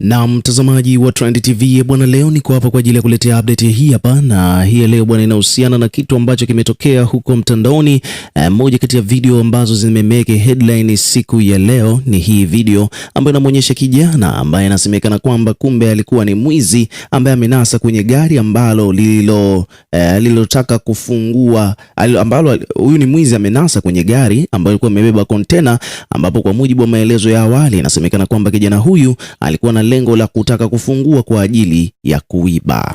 Na mtazamaji wa Trend TV bwana, leo niko hapa kwa ajili ya kuletea update hii hapa, na hii leo bwana inahusiana na kitu ambacho kimetokea huko mtandaoni. E, Moja kati ya video ambazo zimemeke headline siku ya leo ni hii video ambayo inamwonyesha kijana ambaye anasemekana kwamba kumbe alikuwa ni mwizi ambaye amenasa kwenye gari ambalo lililo e, lililotaka kufungua ambalo huyu ni mwizi amenasa kwenye gari ambayo ilikuwa imebeba container, ambapo kwa mujibu wa maelezo ya awali inasemekana kwamba kijana huyu alikuwa na lengo la kutaka kufungua kwa ajili ya kuiba.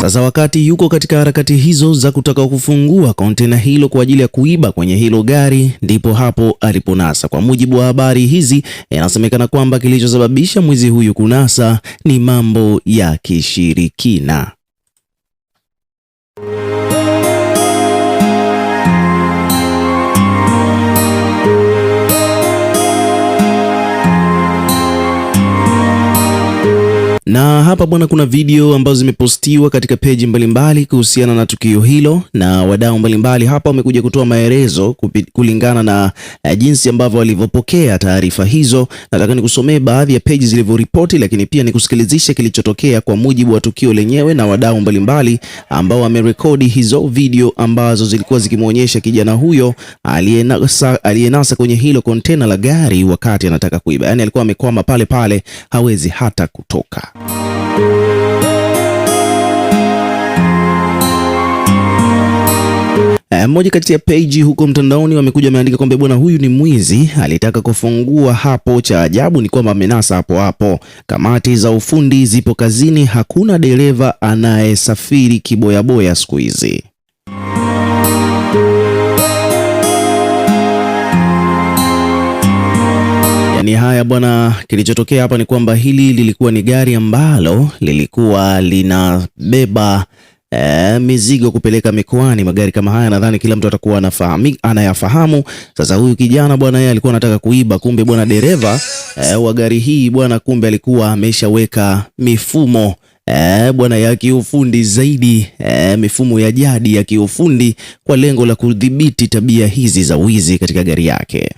Sasa wakati yuko katika harakati hizo za kutaka kufungua kontena hilo kwa ajili ya kuiba kwenye hilo gari, ndipo hapo aliponasa. Kwa mujibu wa habari hizi, inasemekana kwamba kilichosababisha mwizi huyu kunasa ni mambo ya kishirikina. Na hapa bwana, kuna video ambazo zimepostiwa katika peji mbalimbali kuhusiana na tukio hilo, na wadau mbalimbali hapa wamekuja kutoa maelezo kulingana na eh, jinsi ambavyo walivyopokea taarifa hizo. Nataka nikusomee baadhi ya peji zilivyoripoti, lakini pia nikusikilizishe kilichotokea kwa mujibu wa tukio lenyewe na wadau mbalimbali ambao wamerekodi hizo video ambazo zilikuwa zikimwonyesha kijana huyo aliyenasa, aliyenasa kwenye hilo kontena la gari wakati anataka kuiba, yaani alikuwa amekwama pale pale, hawezi hata kutoka. Mmoja kati ya peji huko mtandaoni wamekuja wameandika kwamba bwana huyu ni mwizi, alitaka kufungua hapo. Cha ajabu ni kwamba amenasa hapo hapo. Kamati za ufundi zipo kazini, hakuna dereva anayesafiri kiboyaboya siku hizi. ni haya bwana. Kilichotokea hapa ni kwamba hili lilikuwa ni gari ambalo lilikuwa linabeba E, mizigo kupeleka mikoani. Magari kama haya nadhani kila mtu atakuwa anafahamu, anayafahamu. Sasa huyu kijana bwana, yeye alikuwa anataka kuiba, kumbe bwana dereva e, wa gari hii bwana, kumbe alikuwa ameshaweka mifumo e, bwana ya kiufundi zaidi e, mifumo ya jadi ya kiufundi kwa lengo la kudhibiti tabia hizi za wizi katika gari yake.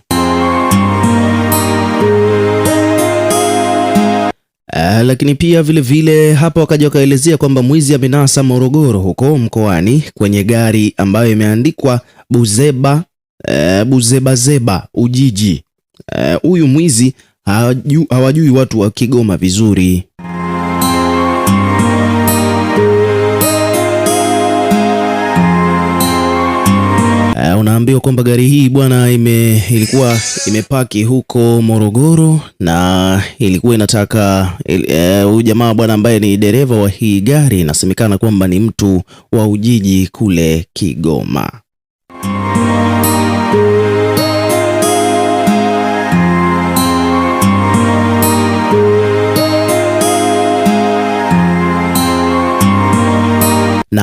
Uh, lakini pia vile vile hapa wakaja wakaelezea kwamba mwizi amenasa Morogoro huko mkoani kwenye gari ambayo imeandikwa Buzeba uh, eh, Buzebazeba Ujiji. Eh, huyu uh, mwizi hawajui watu wa Kigoma vizuri. Uh, unaambiwa kwamba gari hii bwana ime, ilikuwa imepaki huko Morogoro na ilikuwa inataka e, huyu uh, jamaa bwana ambaye ni dereva wa hii gari inasemekana kwamba ni mtu wa Ujiji kule Kigoma.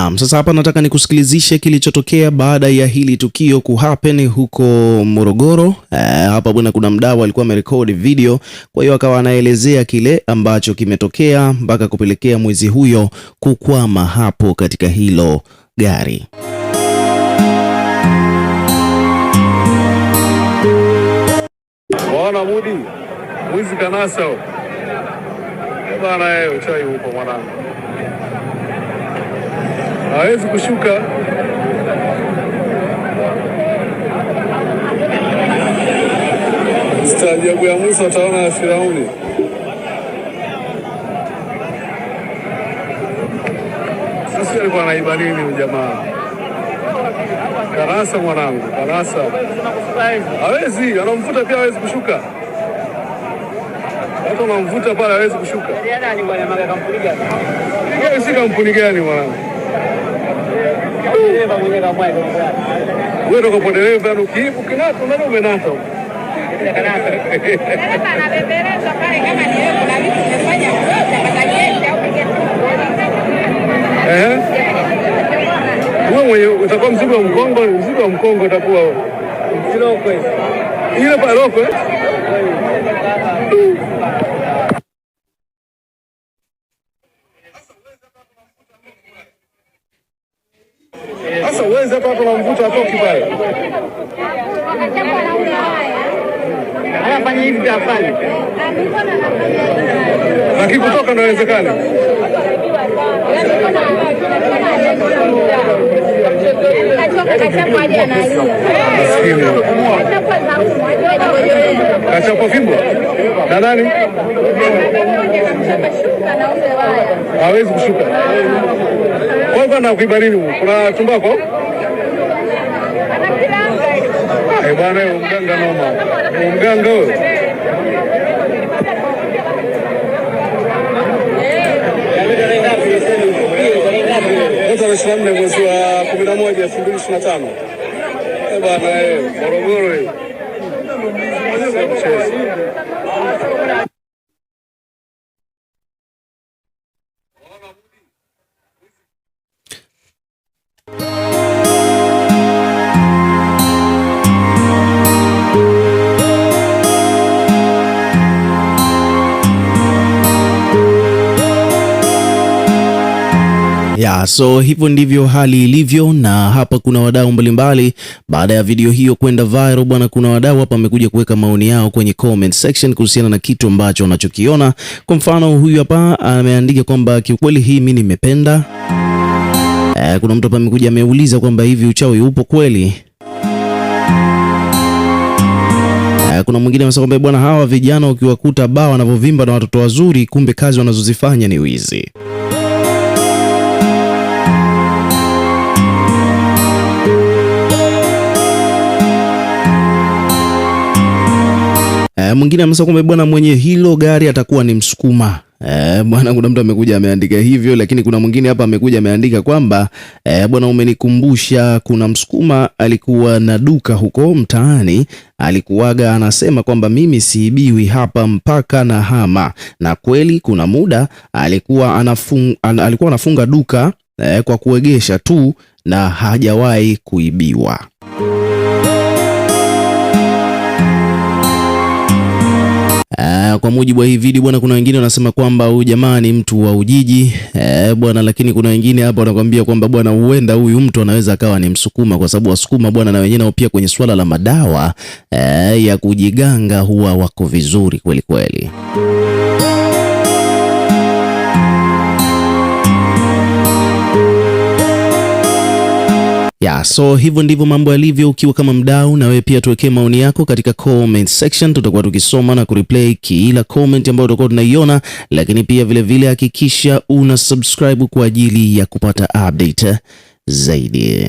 Naam, sasa hapa nataka nikusikilizishe kilichotokea baada ya hili tukio kuhappen huko Morogoro. E, hapa bwana, kuna mdau alikuwa amerekodi video, kwa hiyo akawa anaelezea kile ambacho kimetokea mpaka kupelekea mwizi huyo kukwama hapo katika hilo gari. Bwana Mudi, mwizi kanasa bwana, eh, uchai huko mwanangu hawezi kushuka. Staajabu ya Musa ataona ya Firauni. Sisi alikuwa anaiba nini jamaa? Karasa mwanangu, Karasa hawezi, anamvuta pia hawezi kushuka. hata anamvuta pale hawezi kushuka. Si kampuni gani mwanangu? Wewe uko dereva na ukiibu kinato na ume nato. Dereva anabebereza pale kama ni wewe na mimi nimefanya uoga badajesha au Eh? Wewe mwenye utakuwa mzigo wa mkongo, mzigo wa mkongo utakuwa. Kiloko hiyo. Ile paroko eh? akikutoka nawezekana kachapa fimbo na nani hawezi kushuka kwanza na kuibarini kuna tumbako eh, bwana, mganga noma, mganga huyo চান মানে বড় বড় Ya, so hivyo ndivyo hali ilivyo, na hapa kuna wadau mbalimbali. Baada ya video hiyo kwenda viral bwana, kuna wadau hapa wamekuja kuweka maoni yao kwenye comment section kuhusiana na kitu ambacho wanachokiona. Kwa mfano, huyu hapa ameandika kwamba kiukweli hii mimi nimependa. Eh, kuna mtu hapa amekuja ameuliza kwamba hivi uchawi upo kweli? E, kuna mwingine anasema kwamba bwana, hawa vijana ukiwakuta baa wanavyovimba na watoto wazuri, kumbe kazi wanazozifanya ni wizi. Eh, mwingine amesema kwamba bwana, mwenye hilo gari atakuwa ni Msukuma. Eh, bwana, kuna mtu amekuja ameandika hivyo, lakini kuna mwingine hapa amekuja ameandika kwamba eh, bwana, umenikumbusha kuna Msukuma alikuwa na duka huko mtaani, alikuwaga anasema kwamba mimi siibiwi hapa mpaka na hama, na kweli kuna muda alikuwa anafunga, alikuwa anafunga duka eh, kwa kuegesha tu na hajawahi kuibiwa. Uh, kwa mujibu wa hii video bwana, kuna wengine wanasema kwamba huyu jamaa ni mtu wa Ujiji uh, bwana, lakini kuna wengine hapa wanakwambia kwamba bwana, huenda huyu mtu anaweza akawa ni Msukuma, kwa sababu Wasukuma bwana na wenyewe nao pia kwenye suala la madawa uh, ya kujiganga huwa wako vizuri kweli kweli. Ya, so hivyo ndivyo mambo yalivyo. Ukiwa kama mdau, na wewe pia tuwekee maoni yako katika comment section, tutakuwa tukisoma na kureplay kila comment ambayo utakuwa tunaiona, lakini pia vilevile hakikisha una subscribe kwa ajili ya kupata update zaidi.